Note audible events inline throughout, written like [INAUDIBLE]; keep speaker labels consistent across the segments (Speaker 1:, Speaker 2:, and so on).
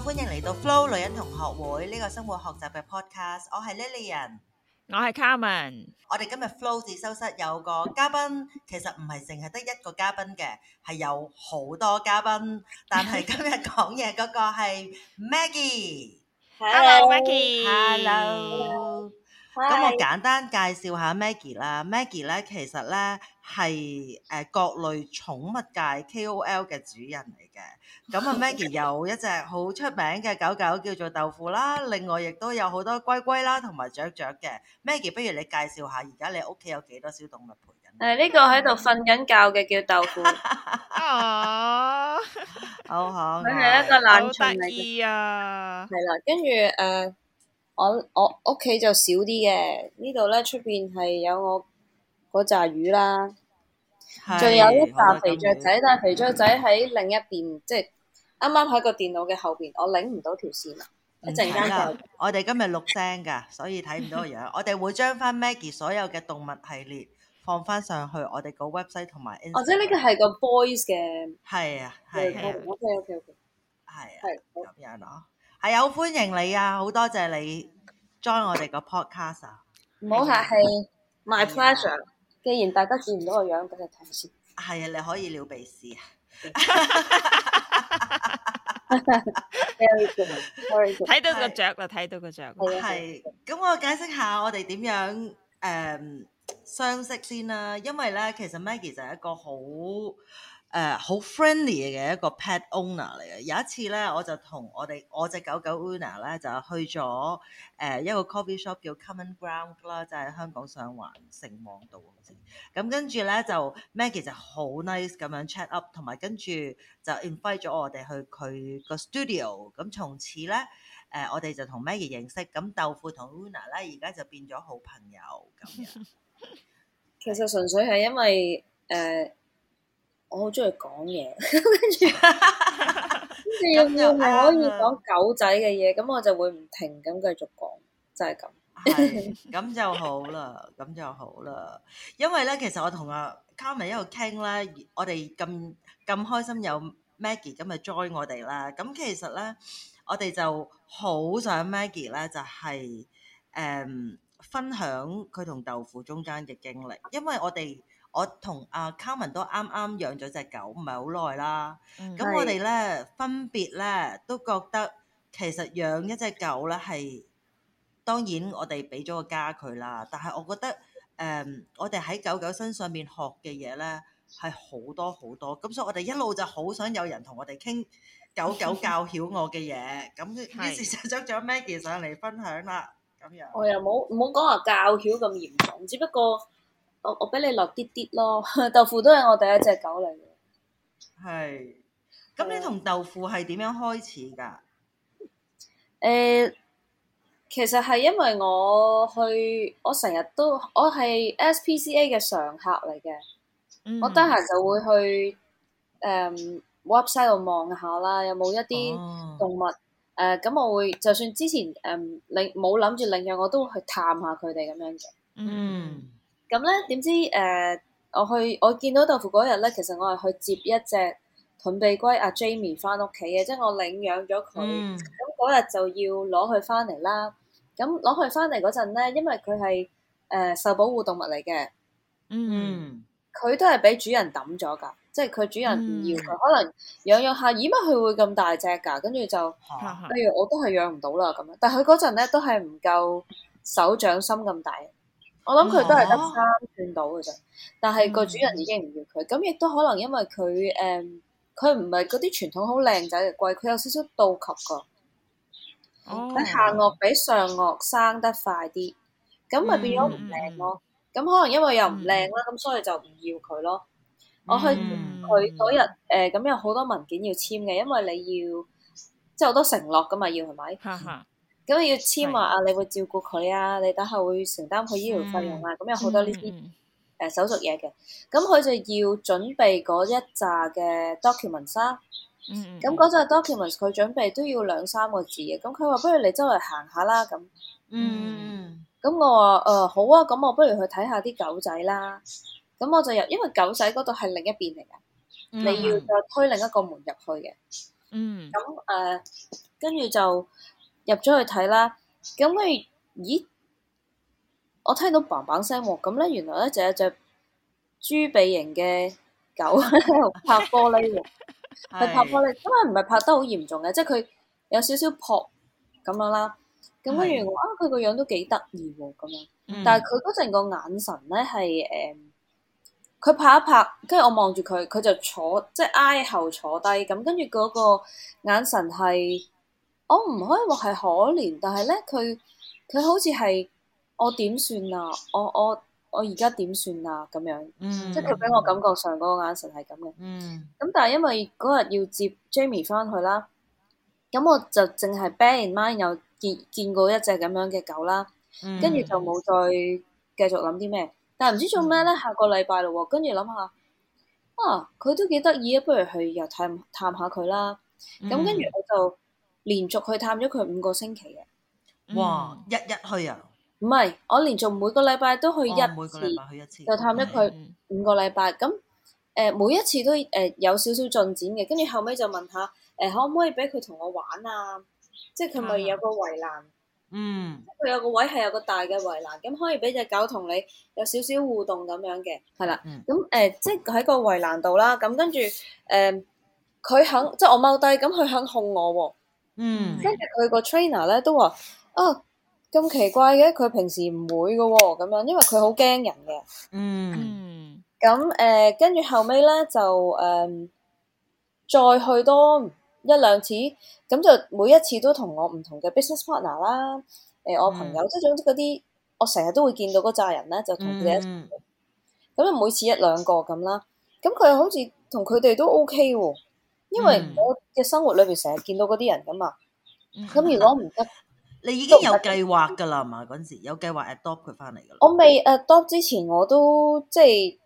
Speaker 1: 歡迎嚟到 Flo 女人同學會呢個生活學習嘅 podcast，我係 Lillian，我係 Carmen，我哋今日 Flo 自修室有個嘉賓，其實唔係淨係得一個嘉賓嘅，係有好多嘉賓，但係今日講嘢嗰個係 Maggie，Hello Maggie，Hello，咁我簡單介紹下 Maggie 啦，Maggie 咧其實咧係誒各類寵物界 KOL 嘅主人嚟。.嘅咁啊，Maggie 有一隻好出名嘅狗狗叫做豆腐啦。另外龜龜，亦都有好多龜龜啦，同埋雀雀嘅。Maggie，不如你介紹下而家你屋企有幾多小動物陪
Speaker 2: 緊你？誒呢、啊呢個喺度瞓緊覺嘅叫豆腐，好好，佢係一個冷蟲啊。嘅，係啦。跟住誒，我我屋企就少啲嘅呢度咧，出邊係有我嗰紮魚啦。仲有一架肥雀仔，但係肥雀仔喺另一邊，即係啱啱喺個電腦嘅後邊，我拎唔到條線啊！一陣間
Speaker 1: 就我哋今日錄聲噶，所以睇唔到個樣。我哋會將翻 Maggie 所有嘅動物系列，放翻上去我哋個 website 同埋 Instagram，或者呢個
Speaker 2: 係個 boys 嘅。係啊，係 O K O K O K。係啊，係咁樣咯。
Speaker 1: 係啊，好歡迎你啊，好多謝你 join 我哋個 podcast。唔
Speaker 2: 好客氣，my pleasure。既然大家見唔到我樣，
Speaker 1: 畀你睇先。係啊，你可以撩鼻屎
Speaker 2: 啊！睇到個雀喇，睇到個雀。係的，
Speaker 1: 咁的我解釋下我哋點樣誒、um, 相識先啦，因為咧其實 Maggie 就係一個好。誒好、uh, friendly 嘅一個 pet owner 嚟嘅，有一次咧，我就同我哋我隻狗狗 Una 咧就去咗誒、呃、一個 coffee shop 叫 Common Ground 啦，就喺、是、香港上環城旺道咁、嗯、跟住咧就 Maggie 就好 nice 咁樣 chat up，同埋跟住就 invite 咗我哋去佢個 studio、嗯。咁從此咧誒、呃，我哋就同 Maggie 認識。咁、嗯、豆腐同 Una 咧而家就變咗好朋友
Speaker 2: 咁樣。 [LAUGHS] 其實純粹係因為誒。Uh, 我好中意講嘢，跟住跟住又係可以講狗仔嘅嘢，咁 [LAUGHS] 我就會唔停咁繼續講，就係、是、咁。係
Speaker 1: [LAUGHS] 咁就好啦，咁就好啦。因為咧，其實我同阿 Carmen 一路傾咧，我哋咁咁開心有 Maggie 咁啊 join 我哋啦。咁其實咧，我哋就好想 Maggie 咧，就係、是、誒、嗯、分享佢同豆腐中間嘅經歷，因為我哋。我同阿 Carmen 都啱啱養咗隻狗，唔係好耐啦。咁我哋咧分別咧都覺得其實養一隻狗咧，係當然我哋俾咗個家佢啦，但係我覺得誒我哋喺狗狗身上面學嘅嘢咧係好多好多，咁，所以我哋一路就好想有人同我哋傾狗狗教曉我嘅嘢。咁於是就將咗 Maggie 上嚟分享啦。
Speaker 2: 咁樣我又冇唔好講話教曉咁嚴重，只不過。我我俾你落啲啲咯，豆腐都係我第一隻狗嚟嘅。
Speaker 1: 係，咁你同豆腐係點樣開始噶？
Speaker 2: 誒，uh, 其實係因為我去，我成日都我係 SPCA 嘅常客嚟嘅。Mm hmm. 我得閒就會去誒 website 度望下啦，有冇一啲動物誒？咁、oh. uh, 我會就算之前誒、嗯、領冇諗住領養，我都會去探下佢哋咁樣嘅。嗯、mm。Hmm. 咁咧，點知誒、呃，我去我見到豆腐嗰日咧，其實我係去接一隻盾臂龜阿、啊、Jamie 翻屋企嘅，即係我領養咗佢。
Speaker 3: 咁
Speaker 2: 嗰日就要攞佢翻嚟啦。咁攞佢翻嚟嗰陣咧，因為佢係誒受保護動物嚟嘅。嗯、
Speaker 3: 嗯，
Speaker 2: 佢都係俾主人抌咗㗎，即係佢主人唔要佢，可能養一養一下，咦乜佢會咁大隻㗎、啊？跟住就，不、啊、如我都係養唔到啦咁樣。但係佢嗰陣咧都係唔夠手掌心咁大。我諗佢都係得三寸到嘅啫，但係個主人已經唔要佢，咁亦、嗯、都可能因為佢，誒、嗯，佢唔係嗰啲傳統好靚仔嘅貴，佢有少少倒及噶，佢 Okay. 下顎比上顎生得快啲，咁咪變咗唔靚咯，咁、嗯、可能因為又唔靚啦，咁、嗯、所以就唔要佢咯。我去佢嗰日，誒、呃，咁有好多文件要簽嘅，因為你要即係好多承諾噶嘛，要係咪？是 [LAUGHS] 咁要簽話啊，你會照顧佢啊，你等下會承擔佢醫療費用啊，咁有好多呢啲誒手續嘢嘅。咁佢就要準備嗰一紮嘅 document 啦。咁嗰扎 document 佢準備都要兩三個字嘅。咁佢話不如你周圍行下啦咁。嗯。咁我話誒好啊，咁我不如去睇下啲狗仔啦。咁我就入，因為狗仔嗰度係另一邊嚟嘅，你要再推另一個門入去嘅。嗯。咁誒，跟住就。入咗去睇啦，咁佢咦，我聽到砰砰聲喎，咁咧原來咧就有一隻豬鼻型嘅狗拍玻璃喎，係 [LAUGHS] 拍玻璃，咁係唔係拍得好嚴重嘅，即係佢有少少撲咁樣啦。咁跟住我啊，佢個樣都幾得意咁樣，樣但係佢嗰陣個眼神咧係誒，佢，嗯，拍一拍，跟住我望住佢，佢就坐，即係挨後坐低，咁跟住嗰個眼神係。我唔可以話係可憐，但係咧佢佢好似係我點算啊？我我我而家點算啊？咁樣，嗯、即係佢俾我感覺上嗰、嗰個眼神係咁嘅。咁、嗯嗯嗯、但係因為嗰日要接 Jamie 翻去啦，咁我就淨係 ban，然又見見過一隻咁樣嘅狗啦，
Speaker 3: 跟住、嗯、就
Speaker 2: 冇再繼續諗啲咩。但係唔知做咩咧，下個禮拜咯，跟住諗下，啊，佢都幾得意啊，不如去又探探下佢啦。咁跟住我就。嗯連續去探咗佢五個星期嘅。啊，哇！日日去啊？唔係，我連續每個禮拜都去一次。哦，每個禮拜去一次，就探咗佢五個禮拜。咁誒、嗯，每一次都誒有少少進展嘅。跟住後尾就問下，誒可唔可以俾佢同我玩啊？即係佢咪有個圍欄？嗯，佢有個位係有個大嘅圍欄，咁可以俾隻狗同你有少少互動咁樣嘅。係啦，嗯，咁誒、呃，即係喺個圍欄度啦。咁跟住誒，佢、欸、肯，即係我踎低，咁佢肯控我喎。嗯，跟住佢個 trainer 咧都話啊咁奇怪嘅，佢平時唔會嘅咁、哦、樣，因為佢好驚人嘅、嗯
Speaker 3: 嗯。
Speaker 2: 嗯，咁誒，跟、呃、住後尾咧就誒、呃、再去多一兩次，咁就每一次都我同我唔同嘅 business partner 啦，誒、呃，我朋友即係總之嗰啲，嗯、我成日都會見到嗰扎人咧就同佢一齊咁就每次一兩個咁啦，咁佢好似同佢哋都 OK 喎、哦。因為我嘅生活裏邊成日見到嗰啲人噶嘛，咁如果唔得，
Speaker 1: [LAUGHS] 你已經有計劃噶啦，係嘛？嗰陣時有計劃 adopt 佢
Speaker 3: 翻嚟噶。
Speaker 2: 我未 adopt 之前，我都即係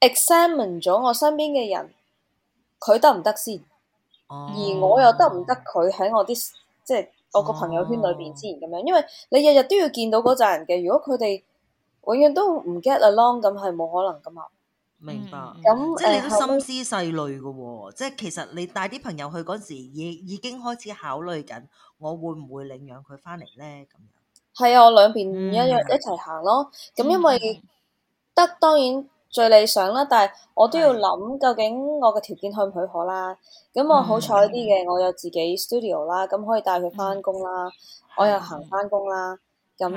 Speaker 2: examine 咗我身邊嘅人，佢得唔得先？Oh. 而我又得唔得？佢喺我啲即係我個朋友圈裏邊，之前咁樣，因為你日日都要見到嗰陣人嘅。如果佢哋永遠都唔 get along，咁係冇可能噶嘛。明白，咁即係你都心思
Speaker 1: 細慮嘅喎，即係其實你帶啲朋友去嗰時，已已經開始考慮緊，我會唔會領養佢翻嚟咧？咁樣
Speaker 2: 係啊，我兩邊一樣一齊行咯。咁因為得當然最理想啦，但係我都要諗究竟我嘅條件許唔許可啦。咁我好彩啲嘅，我有自己 studio 啦，咁可以帶佢翻工啦，我又行翻工啦，咁。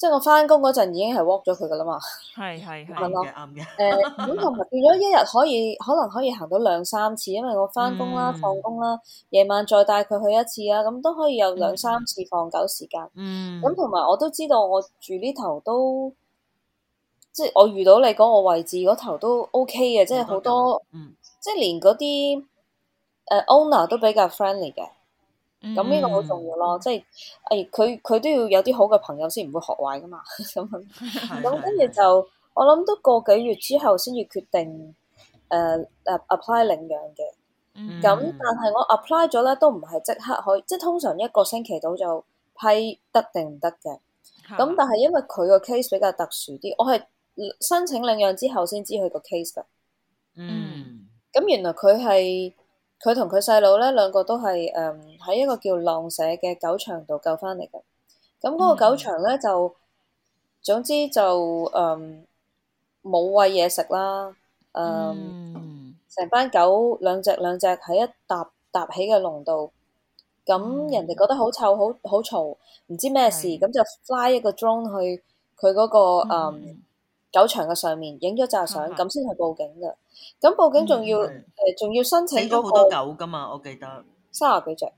Speaker 2: 即係我翻工嗰陣已經係 walk 咗佢噶啦嘛，係
Speaker 3: 係係，啱嘅，
Speaker 2: 啱嘅。誒，咁同埋變咗一日可以可能可以行到兩三次，因為我翻工啦、放工、mm hmm. 啦，夜晚再帶佢去一次啊，咁都可以有兩三次放狗時間。Mm hmm. 嗯，咁同埋我都知道我住呢頭都，即係我遇到你嗰個位置嗰頭都 OK 嘅，即係好多，mm hmm. 即係連嗰啲誒 owner 都比較 friendly 嘅。
Speaker 3: 咁呢、嗯、個好重
Speaker 2: 要咯，即係誒，佢、哎、佢都要有啲好嘅朋友先唔會學壞噶嘛，咁咁跟住就 [LAUGHS] 我諗都個幾月之後先要決定誒誒、呃、apply 領養嘅，
Speaker 3: 咁、嗯、但
Speaker 2: 係我 apply 咗咧都唔係即刻可以，即係通常一個星期到就批得定唔得嘅，咁吧但係因為佢個 case 比較特殊啲，我係申請領養之後先知佢個 case 嘅，嗯，咁、嗯、原來佢係。佢同佢細佬咧兩個都係誒喺一個叫浪社嘅狗場度救翻嚟嘅，咁嗰個狗場咧、嗯、就總之就誒冇餵嘢食啦，誒、呃、成、嗯、班狗兩隻兩隻喺一笪搭起嘅籠度，咁、嗯嗯、人哋覺得好臭，好好嘈，唔知咩事，咁、嗯、就 fly 一個 drone 去佢嗰、那個、嗯嗯狗場嘅上面影咗張相，咁先去報警噶。咁報警仲要誒，仲、嗯呃、要申請、嗰個。死咗好多狗噶嘛，我記得。三十幾隻、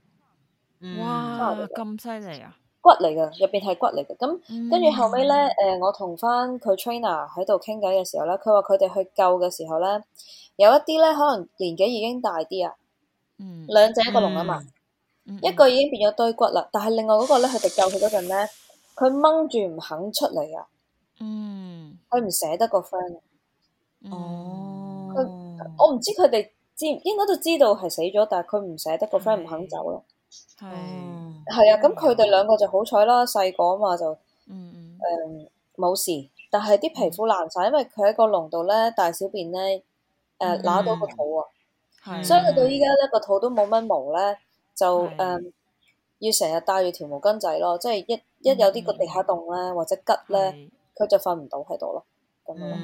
Speaker 2: 嗯。哇，咁犀利啊！骨嚟嘅，入邊係骨嚟嘅。咁跟住後尾咧，誒、呃，我同翻佢 trainer 喺度傾偈嘅時候咧，佢話佢哋去救嘅時候咧，有一啲咧可能年紀已經大啲啊。嗯。兩隻、嗯、一個籠啊嘛，嗯嗯、一個已經變咗堆骨啦。但係另外嗰個咧，佢哋救佢嗰陣咧，佢掹住唔肯出嚟啊。嗯，佢唔捨得個 friend，哦，佢我唔知佢哋知應該都知道係死咗，但係佢唔捨得個 friend 唔肯走咯，係係啊，咁佢哋兩個就好彩啦，細個啊嘛就，嗯誒冇事，但係啲皮膚爛晒，因為佢喺個籠度咧大小便咧，誒拉到個肚啊，
Speaker 3: 所以到依
Speaker 2: 家咧個肚都冇乜毛咧，就誒要成日戴住條毛巾仔咯，即係一一有啲個地下洞咧或者吉咧。佢就瞓唔到喺度咯，
Speaker 3: 咁咯，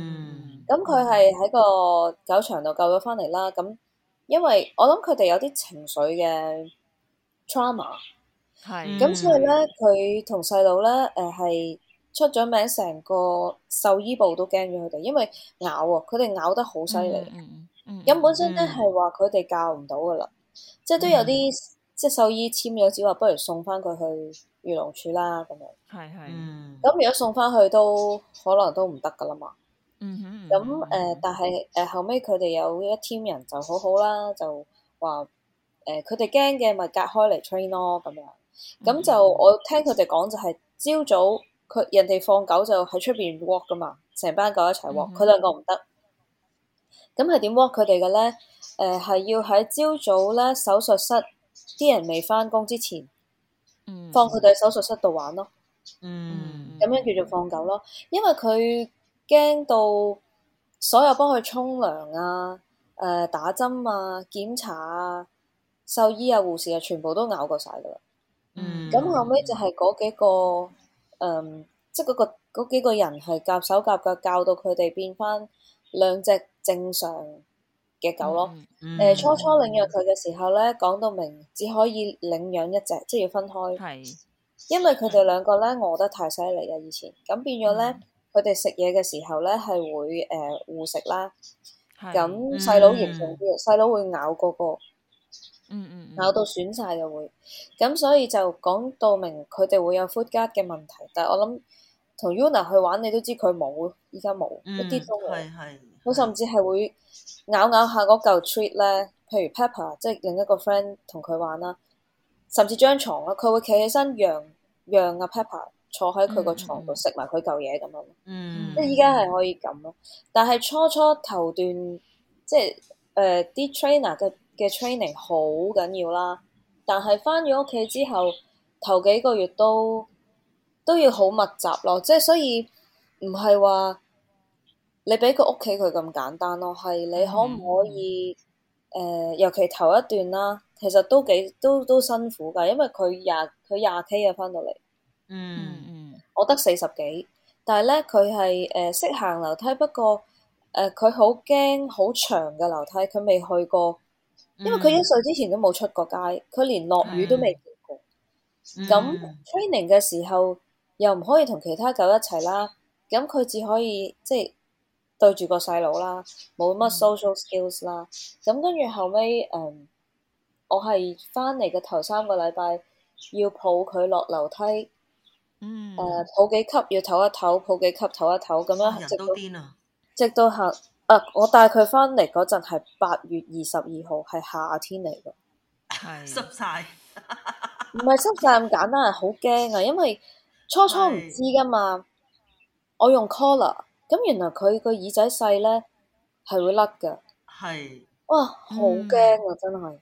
Speaker 2: 咁佢係喺個狗場度救咗翻嚟啦。咁，因為我諗佢哋有啲情緒嘅 trauma，係是，咁所以咧，佢同細佬咧，誒、呃、係出咗名，成個獸醫部都驚咗佢哋，因為咬，佢哋咬得好犀利。咁、嗯嗯嗯、本身咧係話佢哋教唔到噶啦，嗯、即係都有啲。即係獸醫簽咗紙話，不如送翻佢去漁農處啦。咁樣係係，咁如果送翻去都可能都唔得噶啦嘛。咁誒，但係誒後尾佢哋有一 team 人就好好啦，就話誒佢哋驚嘅咪隔開嚟 train 咯。咁樣咁就我聽佢哋講就係朝早佢人哋放狗就喺出邊 walk 噶嘛，成班狗一齊 walk，佢兩個唔得。咁係點 walk 佢哋嘅咧？誒，係要喺朝早咧手術室。啲人未返工之前，嗯、放佢哋喺手術室度玩咯，咁、嗯、樣叫做放狗咯。因為佢驚到所有幫佢沖涼啊、誒、呃、打針啊、檢查啊、獸醫啊、護士啊，全部都咬過晒㗎啦。
Speaker 3: 咁、嗯、後
Speaker 2: 尾就係嗰幾個，誒、呃，即係嗰個嗰幾個人係夾手夾腳，教到佢哋變翻兩隻正常嘅狗咯，誒，初初領養佢嘅時候咧，講到明只可以領養一隻，即係要分開，係，因為佢哋兩個咧餓得太犀利啊，以前，咁變咗咧，佢哋食嘢嘅時候咧係會誒互食啦，
Speaker 3: 咁細佬嚴重
Speaker 2: 啲，細佬會咬哥哥，嗯嗯，咬到損晒就會，咁所以就講到明佢哋會有 food guard 嘅問題，但係我諗同 Yuna 去玩，你都知佢冇，依家冇一啲都冇，我甚至係會。咬咬下嗰嚿、那個、treat 咧，譬如 Pepper，即係另一個 friend 同佢玩啦，甚至張床啦，佢會企起身讓讓阿 Pepper 坐喺佢個床度食埋佢嚿嘢咁樣。嗯、mm，hmm. mm hmm. 即係依家係可以咁咯。但係初初頭段即係誒、呃、啲 trainer 嘅嘅 training 好緊要啦。但係翻咗屋企之後頭幾個月都都要好密集咯。即係所以唔係話。你俾個屋企佢咁簡單咯，係你可唔可以？誒、mm hmm. 呃，尤其頭一段啦，其實都幾都都辛苦㗎，因為佢廿佢廿 K 啊翻到嚟，嗯嗯、mm，hmm. 我得四十幾，但係咧佢係誒識行樓梯，不過誒佢好驚好長嘅樓梯，佢未去過，因為佢一歲之前都冇出過街，佢、mm hmm. 連落雨都未見過。
Speaker 3: 咁、mm hmm.
Speaker 2: training 嘅時候又唔可以同其他狗一齊啦，咁佢只可以即係。對住個細佬啦，冇乜 social skills 啦，咁跟住後尾，誒、嗯，我係翻嚟嘅頭三個禮拜，要抱佢落樓梯，嗯，誒，抱幾級要唞一唞，抱幾級唞一唞，咁樣，人都癲啊！直到，直到下，誒、啊，我帶佢翻嚟嗰陣係八月二十二號，係夏天嚟噶，係
Speaker 1: 濕晒，
Speaker 2: 唔係濕晒咁簡單，係好驚啊！因為初初唔知噶嘛，是我用 collar。咁原來佢個耳仔細咧，係會甩㗎，係哇好驚啊！真係，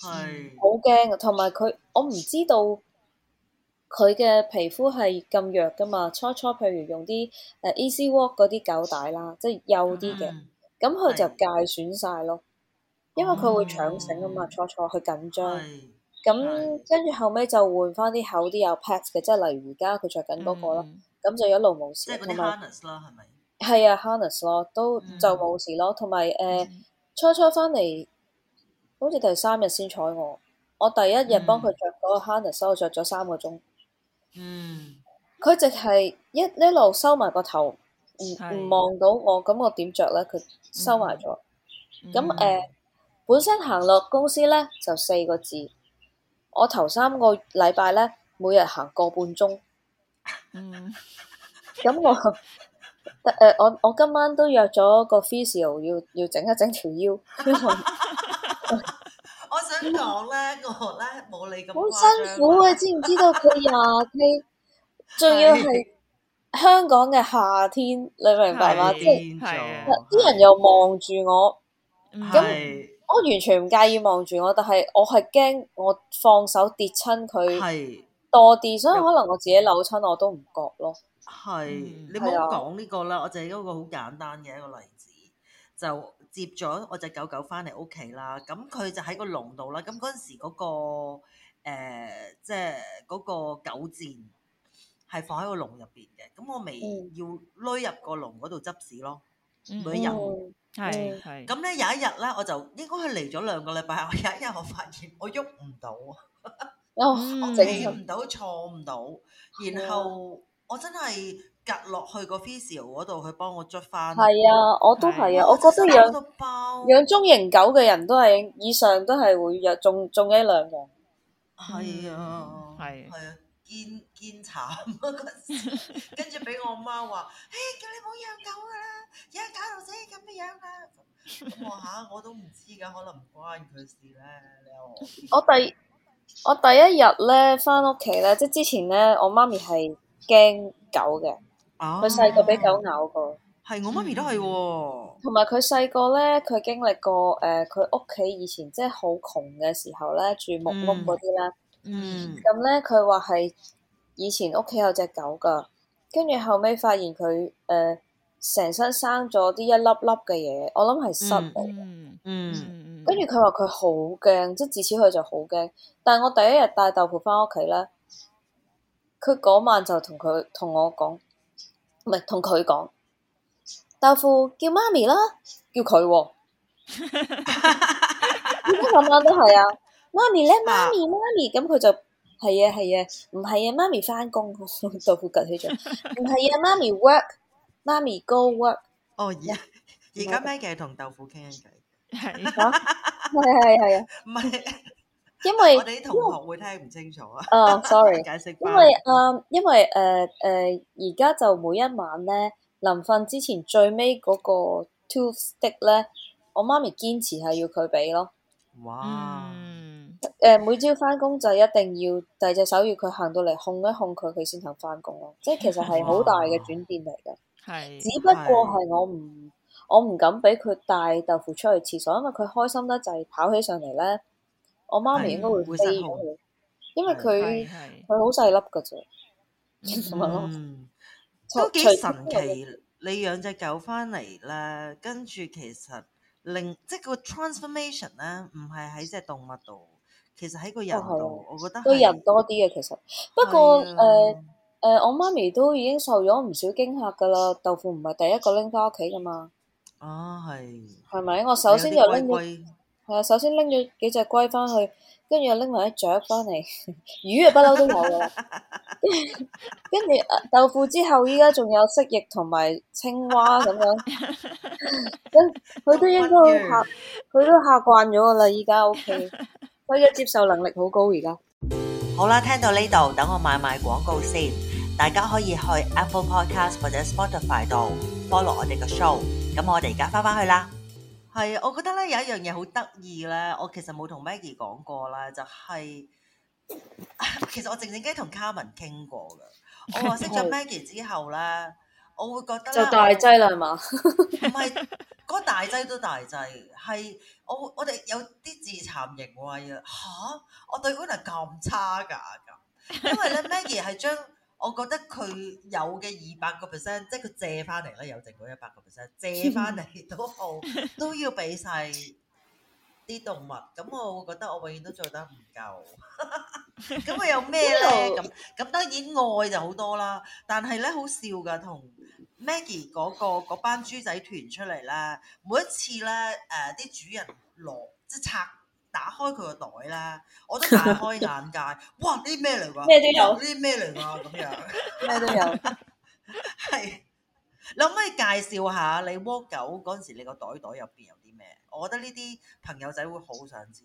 Speaker 2: 係好驚啊！同埋佢，我唔知道佢嘅皮膚係咁弱噶嘛，初初譬如用啲誒 Easy Walk 嗰啲狗帶啦，即係幼啲嘅，咁佢就戒損晒咯，因為佢會搶繩啊嘛，初初佢緊張，咁跟住後尾就換翻啲厚啲有 pad 嘅，即係例如而家佢着緊嗰個啦，咁就一路冇事啦，係咪？係啊 harness 咯，都就冇事咯。同埋誒，呃 mm. 初初翻嚟，好似第三日先睬我。我第一日幫佢着嗰個 harness,、mm. 我着咗三個鐘。嗯。佢直係一一路收埋個頭，唔唔望到我，咁我點着咧？佢收埋咗。咁誒、mm. 呃，本身行落公司咧就四個字。我頭三個禮拜咧，每日行個半鐘。Mm. [LAUGHS] 嗯。咁我。誒，我我今晚都約咗個 physio 要要整一整條腰。我想講咧，我咧冇你咁好辛苦啊！知唔知道佢廿 K，仲要係香港嘅夏天，你明白嘛？即係啲人又望住我，咁的我完全唔介意望住我，但係我係驚我放手跌親佢，的多啲，所以可能我自己扭親我都唔覺咯。
Speaker 1: 係，是嗯、你唔好講呢個啦，啊、我就係一個好簡單嘅一個例子，就接咗我隻狗狗翻嚟屋企啦。咁佢就喺個籠度啦。咁嗰陣時嗰、嗰個誒、呃，即係嗰、嗰個狗墊係放喺個籠入邊嘅。咁我咪要攞入個籠嗰度執屎咯，每一日係係。咁咧、嗯、有一日咧，我就應該係嚟咗兩個禮拜。我有一日我發現我喐唔到，
Speaker 3: [LAUGHS] 我起唔
Speaker 1: 到，坐唔到，嗯、然後。我真係隔落去個 physio 嗰度去幫我捽翻。係啊，我都係啊，啊我，我覺得養
Speaker 2: 養中型狗嘅人都係以上都係會有中中一兩嘅。
Speaker 1: 係 [LAUGHS] 啊，係係啊，堅堅慘啊！時，跟住
Speaker 2: 俾我媽話，
Speaker 1: 誒、 [LAUGHS] 哎，叫你唔好養狗啦，養搞到死咁嘅樣啦、啊！我吓，我都唔知噶，可能唔關佢事咧。你我第
Speaker 2: 我第一日咧翻屋企咧，即係之前咧，我媽咪係，驚狗嘅，佢細個俾狗咬過，係我媽咪都係，同埋佢細個咧，佢經歷過誒，佢屋企以前即係好窮嘅時候咧，住木屋嗰啲咧，咁咧佢話係以前屋企有隻狗噶，跟住後尾發現佢誒，成、呃、身生咗啲一,一粒粒嘅嘢，我諗係虱嚟、嗯，嗯跟住佢話佢好驚，即係自此佢就好驚，但係我第一日帶豆腐翻屋企咧。佢嗰晚就同佢同我講，唔係同佢講，豆腐叫媽咪啦，叫佢、哦。而家今晚都係啊，媽咪咧，媽咪媽咪，咁佢就係啊係啊，唔係啊，媽、啊啊、咪翻工， [LAUGHS] 豆腐隔起咗，唔 [LAUGHS] 係啊，媽咪 work，媽咪 go work、oh, yeah, 啊。哦，而家，而家
Speaker 1: 咩嘅同豆腐傾緊偈，
Speaker 2: 係 [LAUGHS] [LAUGHS] 啊，係啊，係啊，唔係、啊。因為
Speaker 1: 我哋同學會聽唔清楚啊，uh, sorry, [LAUGHS] 解釋。因為
Speaker 2: 誒，因為誒誒，而家就每一晚咧，臨瞓之前最尾嗰個 tooth stick 咧，我媽咪堅持係要佢俾咯。哇 Wow.、嗯！誒、uh,，每朝翻工就一定要第二隻手要佢行到嚟控一控佢，佢先肯翻工咯。即係其實係好大嘅轉變嚟嘅，
Speaker 3: 係、哦。只不過係
Speaker 2: 我唔是我唔敢俾佢帶豆腐出去廁所，因為佢開心得就係跑起上嚟咧。呢我媽咪應該會飛咗佢，因為佢佢好細粒噶啫，咯，都幾神奇。
Speaker 1: 你養隻狗翻嚟啦，跟住其實令即係個 transformation 咧，唔係喺隻動物度，其實喺個人度，哦、我
Speaker 2: 覺得個人多啲嘅其實。不過誒誒的、呃呃，我媽咪都已經受咗唔少驚嚇噶啦，豆腐唔係第一個拎翻屋企噶嘛。哦、啊，係。係咪？我首先就拎。係啊，首先拎咗幾隻龜翻去，跟住又拎埋 [LAUGHS] 啲雀翻嚟，魚啊不嬲都有嘅，跟 [LAUGHS] 住豆腐之後，依家仲有蜥蜴同埋青蛙咁樣，咁 [LAUGHS] 佢都應該吓，佢都吓慣咗噶啦，依家 O K，佢嘅接受能力好高而家。
Speaker 1: 好啦，聽到呢度，等我賣賣廣告先，大家可以去 Apple Podcast 或者 Spotify 度 follow 我哋嘅 show，咁我哋而家翻翻去啦。係啊，我覺得咧有一樣嘢好得意咧，我其實冇同 Maggie 講過啦，就係、是、其實我靜靜雞同 Carmen 傾過嘅。我話識咗 Maggie 之後咧，我會覺得咧就大劑啦，
Speaker 2: 係 [LAUGHS] 嘛？唔
Speaker 1: 係，嗰大劑都大劑，係我我哋有啲自慚形穢啊！吓？我對 Una 咁差㗎咁，因為咧 [LAUGHS] Maggie 係將。我覺得佢有嘅二百個 percent，即係佢借翻嚟咧，有剩嗰一百個 percent 借翻嚟都好，都要俾晒啲動物。咁我會覺得我永遠都做得唔夠。咁 [LAUGHS] 佢有咩咧？咁咁 [LAUGHS] 當然愛就好多啦。但係咧好笑㗎，同 Maggie 嗰、嗰個班豬仔團出嚟啦，每一次咧誒啲主人攞即係拆。打開佢個袋啦，我都大開眼界。 [LAUGHS] 哇，啲咩嚟㗎？咩都有。啲咩嚟㗎？咁樣咩都有。係， [LAUGHS] 你可唔可以介紹下你窩狗嗰陣時，你個袋袋入邊有啲咩？我覺得呢啲朋友仔會好想知。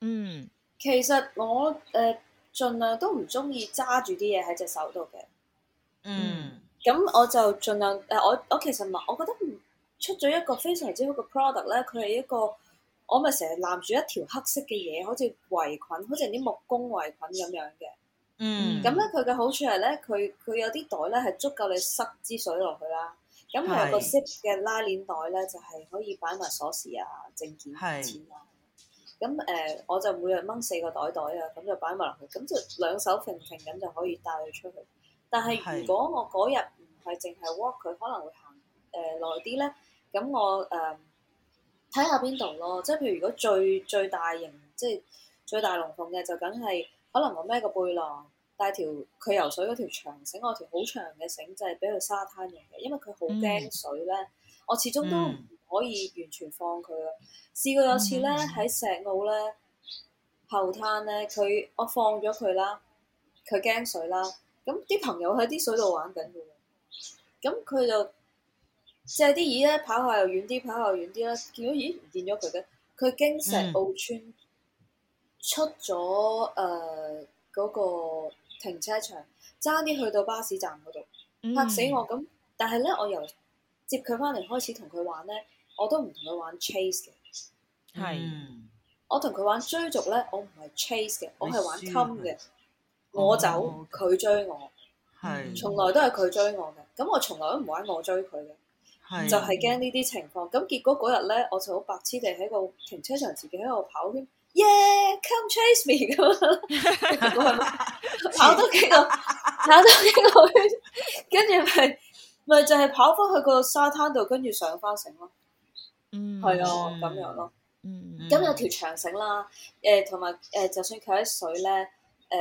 Speaker 1: 嗯，
Speaker 2: 其實我誒盡、呃、量都唔中意揸住啲嘢喺隻手度嘅。嗯，咁、嗯、我就盡量誒、呃，我我其實唔，我覺得出咗一個非常之好嘅 product 咧，佢係一個。我咪成日攬住一條黑色嘅嘢，好似圍裙，好似啲木工圍裙咁樣嘅。嗯，
Speaker 3: 咁咧
Speaker 2: 佢嘅好處係咧，佢佢有啲袋咧係足夠你塞支水落去啦。咁同埋個色嘅拉鏈袋咧，就係可以擺埋鎖匙啊、證件、錢啊。咁誒、呃，我就每日掹四個袋袋啊，咁就擺埋落去，咁就兩手平平咁就可以帶佢出去。但係如果我嗰日唔係淨係 walk 佢，可能會行誒耐啲咧。咁、呃、我誒。呃睇下邊度咯，即係譬如如果最最大型，即係最大龍鳳嘅，就係，就梗係可能我孭個背囊，帶條佢游水嗰條長繩，我條好長嘅繩就係俾佢沙灘用嘅，因為佢好驚水咧。嗯、我始終都唔可以完全放佢咯。嗯、試過有次咧喺石澳咧後灘咧，佢我放咗佢啦，佢驚水啦，咁啲朋友喺啲水度玩緊嘅，咁佢就～借啲椅咧，跑下又遠啲，跑下又遠啲啦。見到咦，唔見咗佢嘅。佢經石澳村、嗯、出咗誒嗰個停車場，爭啲去到巴士站嗰度，嚇死我咁。但係咧，我由接佢翻嚟開始同佢玩咧，我都唔同佢玩 chase 嘅。
Speaker 3: 係是，
Speaker 2: 我同佢玩追逐咧，我唔係 chase 嘅，我係玩 come、um、嘅。是我走，佢我追我，係是，從來都係佢追我嘅。咁我從來都唔玩我追佢嘅。 [NOISE] 就係驚呢啲情況，咁結果嗰日咧，我就好白痴地喺個停車場自己喺度跑圈 [MUSIC] ，Yeah，come chase me 咁，樣樣 [LAUGHS] [LAUGHS] 跑多幾個，跑多幾個圈，跟住咪咪就係跑翻去個沙灘度，跟住上翻繩咯，嗯， [MUSIC] 係啊，咁樣咯，嗯，
Speaker 3: 咁有條
Speaker 2: 長繩啦，誒，同埋誒，就算佢喺水咧，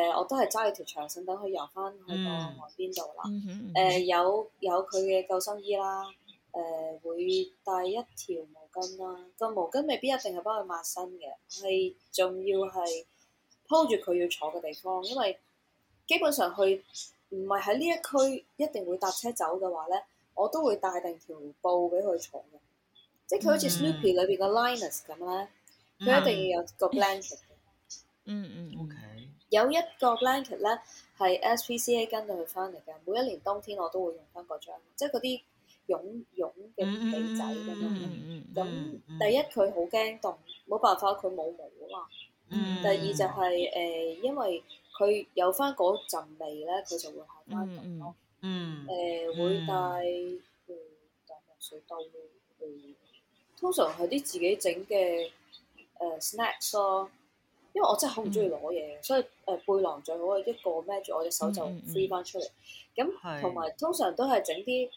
Speaker 2: 誒，我都係揸住條長繩等佢游翻
Speaker 3: 去個岸邊度啦，誒
Speaker 2: [MUSIC] 呃，有有佢嘅救生衣啦。誒、呃、會帶一條毛巾啦，啊，個毛巾未必一定係幫佢抹身嘅，係仲要係鋪住佢要坐嘅地方，因為基本上佢唔係喺呢一區一定會搭車走嘅話咧，我都會帶定條布俾佢坐嘅，即佢好似 Snoopy 裏邊個 Linus 咁啦，佢一定要有個 blanket 嘅。嗯嗯、mm
Speaker 3: hmm. mm hmm.，OK。
Speaker 2: 有一個 blanket 咧係 SPCA 跟到佢翻嚟嘅，每一年冬天我都會用翻嗰張，即係嗰啲。茸茸嘅鼻仔咁樣，咁第一佢好驚凍，冇辦法佢冇毛啊嘛。第二就係、是、誒、呃，因為佢有翻嗰陣味咧，佢就會嚇
Speaker 3: 翻人咯。嗯，
Speaker 2: 誒會帶誒帶水兜去、嗯。通常係啲自己整嘅誒 snacks 咯，因為我真係好唔中意攞嘢，所以誒、呃、背囊最好係一個孭住我隻手就 free 翻出嚟。咁同埋通常都係整啲，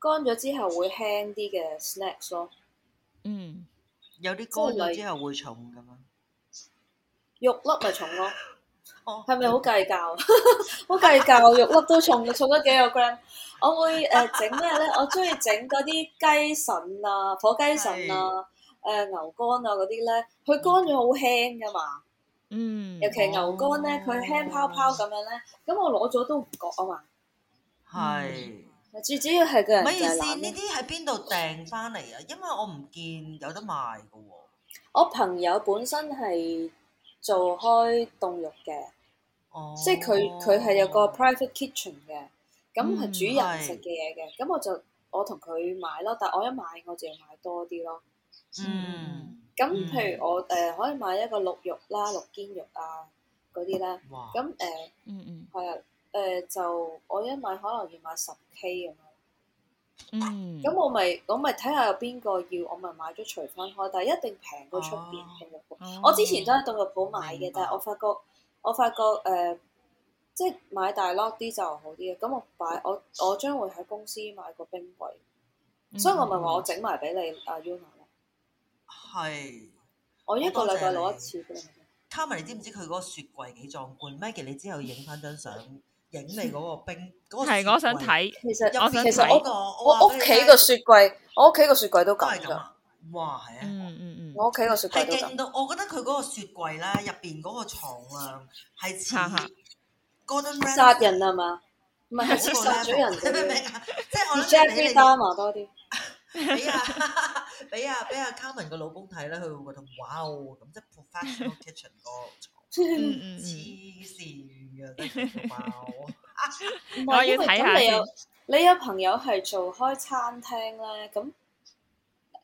Speaker 2: 乾咗之後會輕啲嘅 snacks 咯，嗯，
Speaker 1: 有啲乾咗之後會重噶嘛、就是，
Speaker 2: 肉粒咪重咯，哦，係咪好計較？好 [LAUGHS] 計較， [LAUGHS] 肉粒都重，重咗幾個 gram。我會誒整咩咧？我中意整嗰啲雞腎啊，火雞腎啊，誒是、呃、牛肝啊嗰啲咧，佢乾咗好輕噶嘛，嗯，尤其牛肝咧，佢輕、哦、泡泡咁樣咧，咁我攞咗都唔覺啊嘛，
Speaker 3: 係、嗯。是嗯
Speaker 2: 最主要係個人嘅唔好意思，呢啲
Speaker 1: 喺邊度訂翻嚟啊？因為我唔見有得賣噶喎。
Speaker 2: 我朋友本身係做開凍肉嘅，oh. 即係佢佢係有個 private kitchen 嘅，咁係煮人食嘅嘢嘅，咁、mm, 是我就我同佢買咯。但係我一買我就要買多啲咯。嗯。咁譬如我誒、呃、可以買一個鹿肉啦、鹿肩肉啊嗰啲啦。咁誒，嗯嗯哇，係啊。呃 [LAUGHS] 誒就我一買可能要買十 K 咁樣，嗯，咁我咪我咪睇下有邊個要，我咪買咗除翻。我但係一定平過出邊，平過我之前都喺度藥鋪買嘅。但係我發覺我發覺誒，即係買大粒啲就好啲嘅。咁我擺我我將會喺公司買個冰櫃，所以我咪話我整埋俾你阿 y u n
Speaker 1: 係我一個禮拜攞一次嘅。c a 你知唔知佢嗰個雪櫃幾壯觀？Maggie，你之後影翻張相。影你嗰個冰，係我想睇。
Speaker 2: 其實我其實我我屋企個雪櫃，我屋企個雪櫃都咁。
Speaker 1: 哇係啊，我屋
Speaker 2: 企個雪櫃都勁
Speaker 1: 到。我覺得佢嗰個雪櫃啦，入邊嗰個床啊，係似
Speaker 2: 殺人啊嘛，唔係似殺主人。即係我咧俾你多啲，俾啊俾啊俾啊，Carmen 個老公睇啦，
Speaker 1: 佢會覺得哇，咁即係 professional kitchen 個床。黐
Speaker 2: 線㗎，啲、嗯、貓！我要睇下先。你有朋友係做開餐廳咧，咁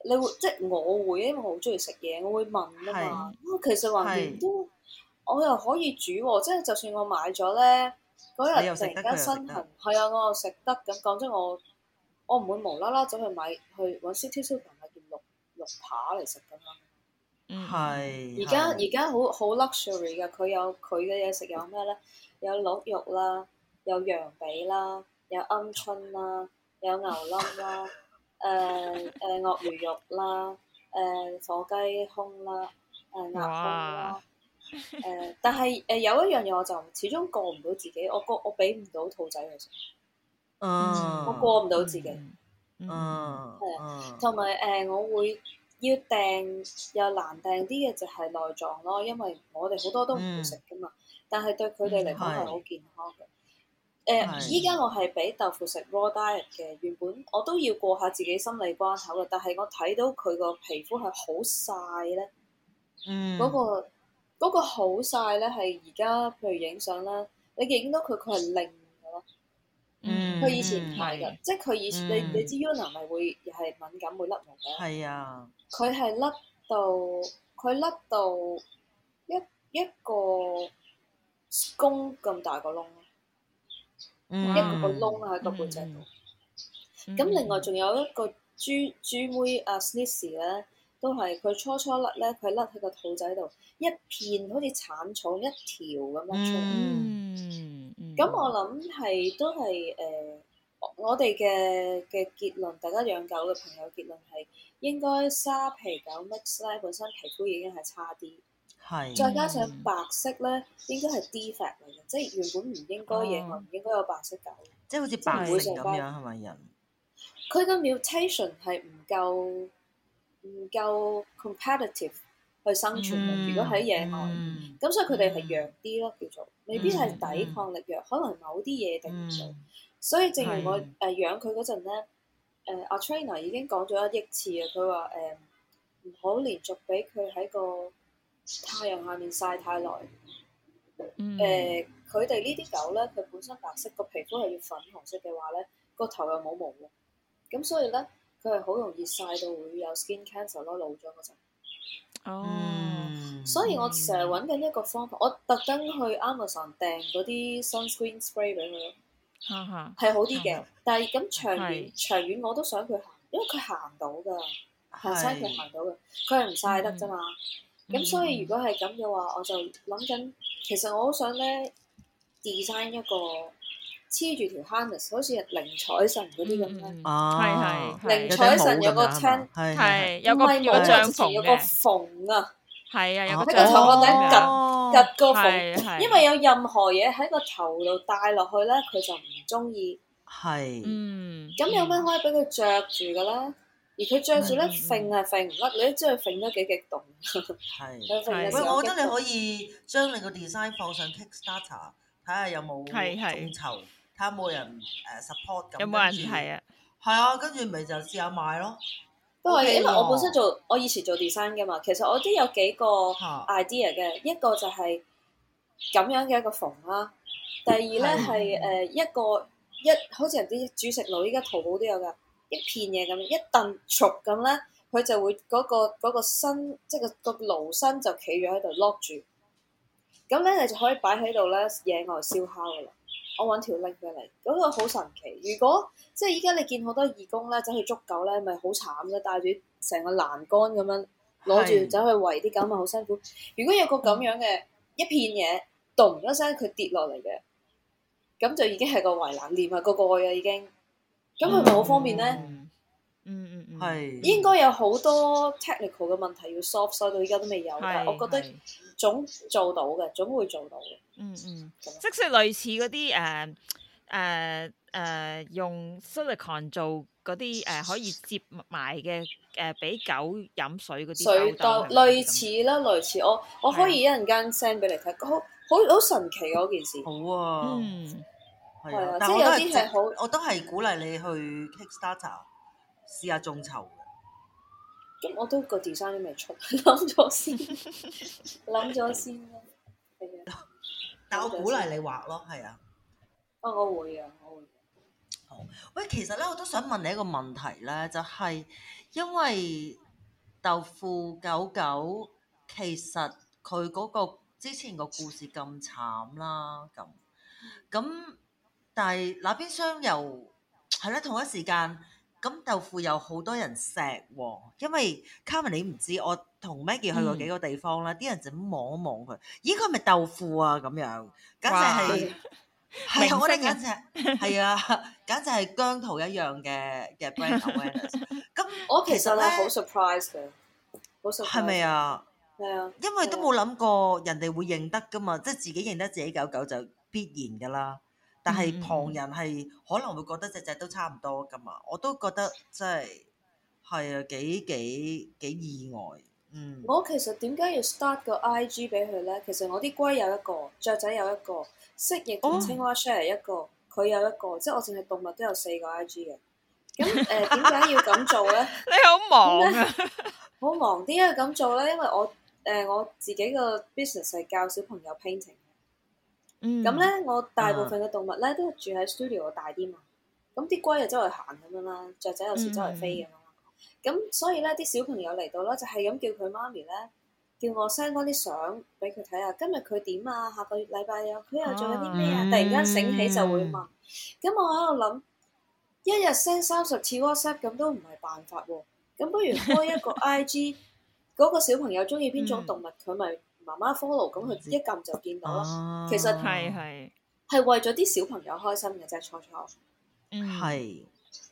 Speaker 2: 你會即係我會，因為我好中意食嘢，我會問啊嘛。咁是其實橫掂都，是我又可以煮喎。即、就、係、是、就算我買咗咧，嗰日突然間身痕，係啊，我又食得。咁講真，我我唔會無啦啦走去買去揾 City Super 買件鹿鹿扒嚟食㗎嘛。
Speaker 3: 係，
Speaker 1: 而家而家
Speaker 2: 好好 luxury 㗎，佢有佢嘅嘢食，有咩咧？有鹿肉啦，有羊髀啦，有鵪鶉啦，有牛腩啦，誒誒鱷魚肉啦，誒、呃、火雞胸啦，誒鴨啦，誒 [LAUGHS] 但係誒有一樣嘢我就始終過唔到自己，我過我俾唔到兔仔去食，啊、
Speaker 3: [LAUGHS] 我過
Speaker 2: 唔到自己，係啊、嗯，同埋誒我會。要訂又難訂啲嘅就係內臟咯，因為我哋好多都唔會食㗎嘛。嗯、但係對佢哋嚟講係好健康嘅。誒，依家我係俾豆腐食 raw diet 嘅，原本我都要過下自己心理關口嘅，但係我睇到佢個皮膚係好晒咧，嗰、嗯嗰個好晒咧係而家，譬如影相啦，你影到佢佢係零。
Speaker 1: 嗯，佢以前唔係
Speaker 2: 嘅，即係佢以前，你你知，Yuna 係會又係敏感會甩毛嘅，
Speaker 1: 係啊，
Speaker 2: 佢係甩到佢甩到一一個公咁大個窿，
Speaker 3: 一個個窿喺
Speaker 2: 個背脊度。咁另外仲有一個豬豬妹阿 Snissy 咧都係佢初初甩咧，佢甩喺個肚仔度，一片好似殘草一條咁樣出。咁、嗯、我諗係都係誒、呃，我哋嘅嘅結論，大家養狗嘅朋友結論係應該沙皮狗 mix 咧本身皮膚已經係差啲，
Speaker 1: 係的，再加上
Speaker 2: 白色咧應該係 defect 嚟嘅，即係原本唔應該嘅。唔、哦、應該有白色狗，
Speaker 1: 即係好似白人咁樣係咪人？
Speaker 2: 佢個 mutation 係唔夠唔夠 competitive。去生存嘅，如果喺野外咁，嗯、所以佢哋係弱啲咯，叫做未必係抵抗力弱，嗯、可能某啲嘢定唔到。嗯、所以正如我誒、嗯呃、養佢嗰陣咧，誒阿 trainer 已經講咗一億次啊，佢話誒唔好連續俾佢喺個太陽下面曬太耐。誒佢哋呢啲狗咧，佢本身白色個皮膚係要粉紅色嘅話咧，個頭又冇毛喎，咁所以咧佢係好容易曬到會有 skin cancer 咯，老咗嗰陣。哦，oh, mm. 所以我成日揾緊一個方法，mm. 我特登去 Amazon 訂嗰啲 sunscreen spray 俾佢咯，係、uh huh. 好啲嘅。Uh huh. 但係咁長遠 Yes. 長遠我都想佢行，因為佢行到㗎，行晒佢行到㗎，佢係唔曬得啫嘛。咁、mm. 所以如果係咁嘅話，我就諗緊，其實我好想咧 design 一個。黐住條 Harness，好似靈彩神嗰啲咁，
Speaker 3: 哦，係，係靈彩神有個撐，係有個帳篷，有個
Speaker 2: 縫啊，係啊，有個帳篷啊，喺個頭殼頂夾夾個縫，因為有任何嘢喺個頭度戴落去咧，佢就唔中意。
Speaker 1: 係，嗯。
Speaker 2: 咁有咩可以俾佢着住嘅咧？而佢着住咧揈啊，揈甩，你都知佢揈得幾激動。係。喂，我覺得你可
Speaker 1: 以將你個 design 放上 Kickstarter 睇下有冇眾籌睇有冇人誒 support 咁有冇人跟住係啊，係啊，跟住咪就試下買咯。
Speaker 2: 都係，因為我本身做我以前做 design 嘅嘛，其實我都有幾個 idea 嘅。Huh. 一個就係咁樣嘅一個鋤啦。第二咧係誒一個一，好似人哋煮食爐，依家淘寶都有㗎，一片嘢咁一燉熟咁咧，佢就會嗰、嗰個嗰個身，即係個個爐身就企咗喺度 lock 住。咁咧你就可以擺喺度咧野外燒烤㗎啦。我揾條拎俾你，嗰、嗰個好神奇。如果即係依家你見好多義工咧，走去捉狗咧，咪好慘嘅，帶住成個欄杆咁樣攞住是走去圍啲、嗰個、狗，咪好辛苦。如果有個咁樣嘅一片嘢，咚一聲佢跌落嚟嘅，咁就已經係個圍欄鏈啊，個蓋啊已經。咁佢咪好方便咧？嗯
Speaker 3: 嗯嗯嗯，係、mm, mm, mm. 應該
Speaker 2: 有好多 technical 嘅問題要 solve 所以到依家都未有嘅。 我覺得總做到嘅，總會做到嘅。嗯
Speaker 3: 嗯，
Speaker 1: 即、mm, 係吧類似嗰啲誒誒誒，用 silicon 做
Speaker 2: 嗰啲誒可以接埋嘅誒，俾、呃、狗飲水嗰啲水道都吧，類似啦，類似我我可以一陣間 send 俾你睇吧，好好好神奇嗰件事。好啊，嗯係啊，即係有啲係
Speaker 1: 好，我都係鼓勵你去 Kickstarter。試下眾籌，
Speaker 2: 咁、嗯、我都、這個 design 未出，諗咗先，諗咗 [LAUGHS] 先。係，但我鼓勵你
Speaker 1: 畫咯，係、嗯、啊、哦。
Speaker 2: 我會啊，我會。好，
Speaker 1: 喂，其實咧，我都想問你一個問題咧，就係、是、因為豆腐狗狗，其實佢嗰個之前個故事咁慘啦，咁咁，但係那邊商又係咧，同一時間。咁豆腐有好多人錫喎，因為 Carmen 你唔知，我同 Maggie 去過幾個地方啦，啲、嗯、人就咁望一望佢，咦？佢係咪豆腐啊咁樣，簡直係，
Speaker 2: 係哇是啊，我哋簡直
Speaker 1: 係 [LAUGHS] 啊，簡直係姜濤一樣嘅嘅 brand awareness
Speaker 2: 咁、 [LAUGHS] 嗯、我其實咧好 surprise 嘅，好 surprise 係咪啊？係啊，是是嗯、
Speaker 1: 因為都冇諗過人哋會認得噶嘛，即、就、係、是、自己認得自己狗狗就必然噶啦。但係旁人係可能會覺得隻隻都差唔多㗎嘛，我都覺得真係係啊幾幾幾意外。
Speaker 2: 嗯，我其實點解要 start 個 IG 俾佢咧？其實我啲龜有一個，雀仔有一個，蜥蜴同青蛙 share 一個，佢、哦、有一個，即、就、係、是、我淨係動物都有四個 IG 嘅。咁誒點解要咁做咧？ [LAUGHS] 你好忙啊！好忙點解要咁做咧，因為我誒、呃、我自己個 business 係教小朋友 painting。咁咧，嗯、我大部分嘅動物咧、啊、都住喺 studio 我大啲嘛。咁啲龜又周圍行咁樣啦，雀仔有時周圍飛咁啦。咁所以咧，啲小朋友嚟到咧，就係咁叫佢媽咪咧，叫我 send 翻啲相俾佢睇下今日佢點啊？下個禮拜又佢又做緊啲咩啊？突然間醒起就會問。咁、嗯嗯、我喺度諗，一日 send 三十次 WhatsApp 咁都唔係辦法喎。咁不如開一個 IG，嗰 [LAUGHS] 個小朋友中意邊種動物，佢咪、嗯。媽媽 follow 咁佢一撳就見到囉。啊、其實係係係為咗啲小朋友開心嘅啫，錯錯。嗯，係。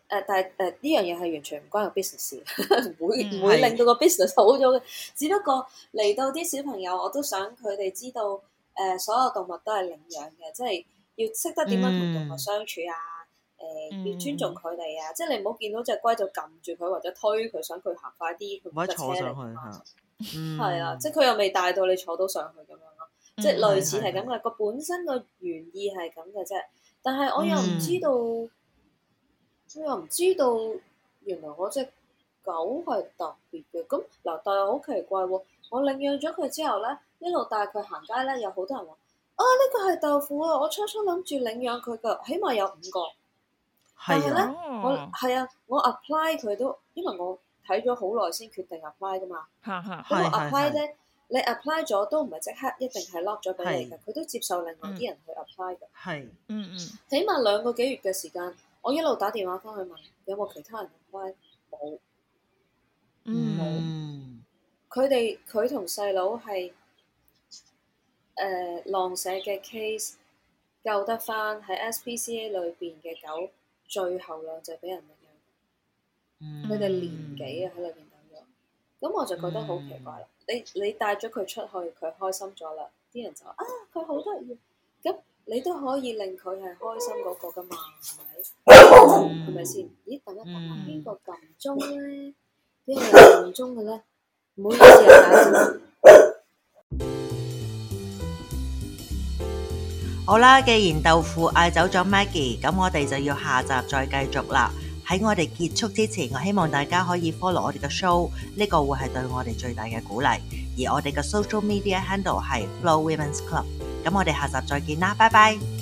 Speaker 2: 誒，但係誒呢樣嘢係完全唔關個 business 事 [LAUGHS] 會，唔會唔會令到個 business 好咗嘅。嗯、只不過嚟到啲小朋友，我都想佢哋知道，誒、呃，所有動物都係領養嘅，即係要識得點樣同動物相處啊。誒、嗯呃，要尊重佢哋啊。即係你唔好見到隻龜就撳住佢或者推佢，佢想佢行快啲，佢唔得坐上去係、mm hmm. 啊，即係佢又未帶到你坐到上去咁樣咯，mm hmm.
Speaker 3: 即係類似係
Speaker 2: 咁嘅，個、mm hmm. 本身個原意係咁嘅啫。但係我又唔知道，我、mm hmm. 又唔知道，原來我隻狗係特別嘅。咁嗱，但係好奇怪喎、哦，我領養咗佢之後咧，一路帶佢行街咧，有好多人話啊呢個係豆腐啊！我初初諗住領養佢嘅，起碼有五個，係啦，mm hmm. 我係啊，我 apply 佢都，因為我。睇咗好耐先決定 apply 噶嘛？
Speaker 3: 嚇嚇， [LAUGHS] 係不過 apply
Speaker 2: 咧，你 apply 咗都唔係即刻一定係 lock 咗俾你嘅，佢 [LAUGHS] 是都接受另外啲人去 apply 嘅。係， [LAUGHS] 嗯嗯。起碼兩個幾月嘅時間，我一路打電話翻去問有冇其他人 apply，冇。嗯。冇。佢哋佢同細佬係誒浪舍嘅 case 救得翻喺 SPCA 裏邊嘅狗，最後兩隻俾人佢哋年紀啊喺裏邊咁樣，咁我就覺得好奇怪啦，嗯。你你帶咗佢出去，佢開心咗啦，啲人就話，啊佢好得意，咁你都可以令佢係開心嗰個噶嘛，係咪嗯？係咪先？咦，等一等，嗯，個邊個撳鐘咧，
Speaker 1: 邊個撳鐘嘅咧？唔好意思啊，打斷。好啦，既然豆腐嗌走咗 Maggie，咁我哋就要下集再繼續啦。喺我哋結束之前，我希望大家可以 follow 我哋嘅 show，呢個會係對我哋最大嘅鼓勵。而我哋嘅 social media handle 係 Flo Women's Club。咁我哋下集再見啦，拜拜。